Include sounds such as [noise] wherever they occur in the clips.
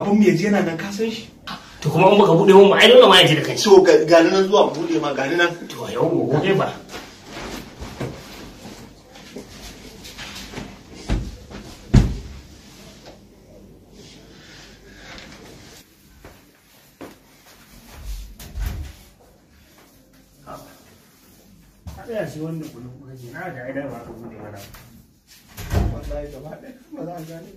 abin mai yana nan ka san shi to kuma in baka bude mun ba ai dole ma yaje da kai so ga ni nan zuwa bude ma ga ni nan to yau mu gobe ba tsaya shi wannan kulun kwaje na ga idan ba ka bude mana wallahi gaba ɗaya ba za a gane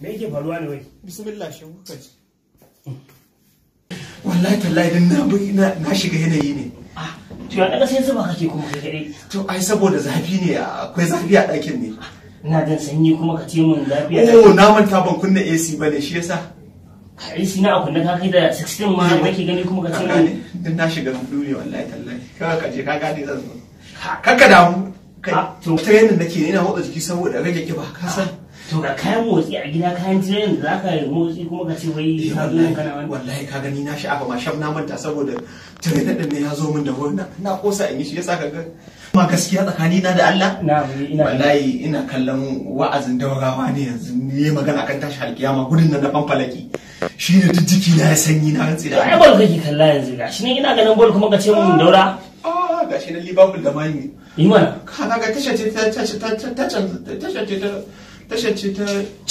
me yake faruwa ne wai bismillah shi kuka wallahi tallahi din na na shiga yanayi ne ah, to ya daga sai zuba kake kuma kai kadai to ai saboda zafi ne akwai zafi a ɗakin ne ah, ina jin sanyi kuma ka ce mun zafi a oh na manta ban kunna AC bane shi yasa AC na a ka kai da 16 ma nake gani kuma ka ce mun din na shiga hudu ne wallahi tallahi kaga ka je ka gane zan zo kakka damu kai ah, to ta yanda nake ina motsa jiki saboda rage kiba ka san to ga kayan motsi a gida kayan tirin da zaka yi motsi kuma ka ce wai eh, ka zo kana wani wallahi ka gani na sha'afa ma shaf na manta saboda tirin din ne ya zo min da wannan na kosa in yi shi yasa ka ga ma gaskiya tsakanina da Allah na ina wallahi ina kallon wa'azin daurawa ne yanzu ne magana kan tashi alkiyama gudun nan na fanfalaki shi ne duk jiki na ya sanyi na rantsi da ai bol kake kalla yanzu gashi ne ina ganin bol kuma ka ce mun daura ah, ah gashi na Liverpool da mayu U Iman ka ga tashar ta tashar ta ta tashar ta tashar ce ta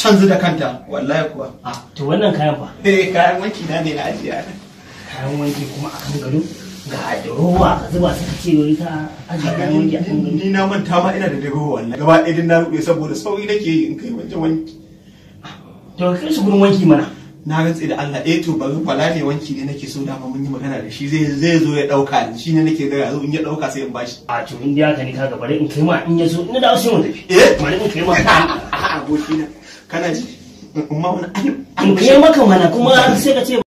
canza da kanta wallahi kuwa a ah, to wannan kayan fa eh kayan wanki na ne na ajiya kayan wanki kuma a kan gado ga rowa ka zuba suka ce wai ka ajiye kayan wanki a kan gado ni na manta ma ina da dagowa wallahi gaba ɗaya na ruɓe saboda sauri nake yi in kai wajen wanki ah, to kai shi gurin wanki mana na rantse da Allah eh to bari kwala ne wanki ne nake so dama mun yi magana da shi zai zai zo ya dauka shi ne nake ga yanzu in ya dauka sai in bashi a ah, to in ya ka ne kaga bari in kai ma in ya so in da wasu mu tafi eh bari in kai ma [laughs] abokina kana ji amma wani an ke maka mana kuma sai ka ce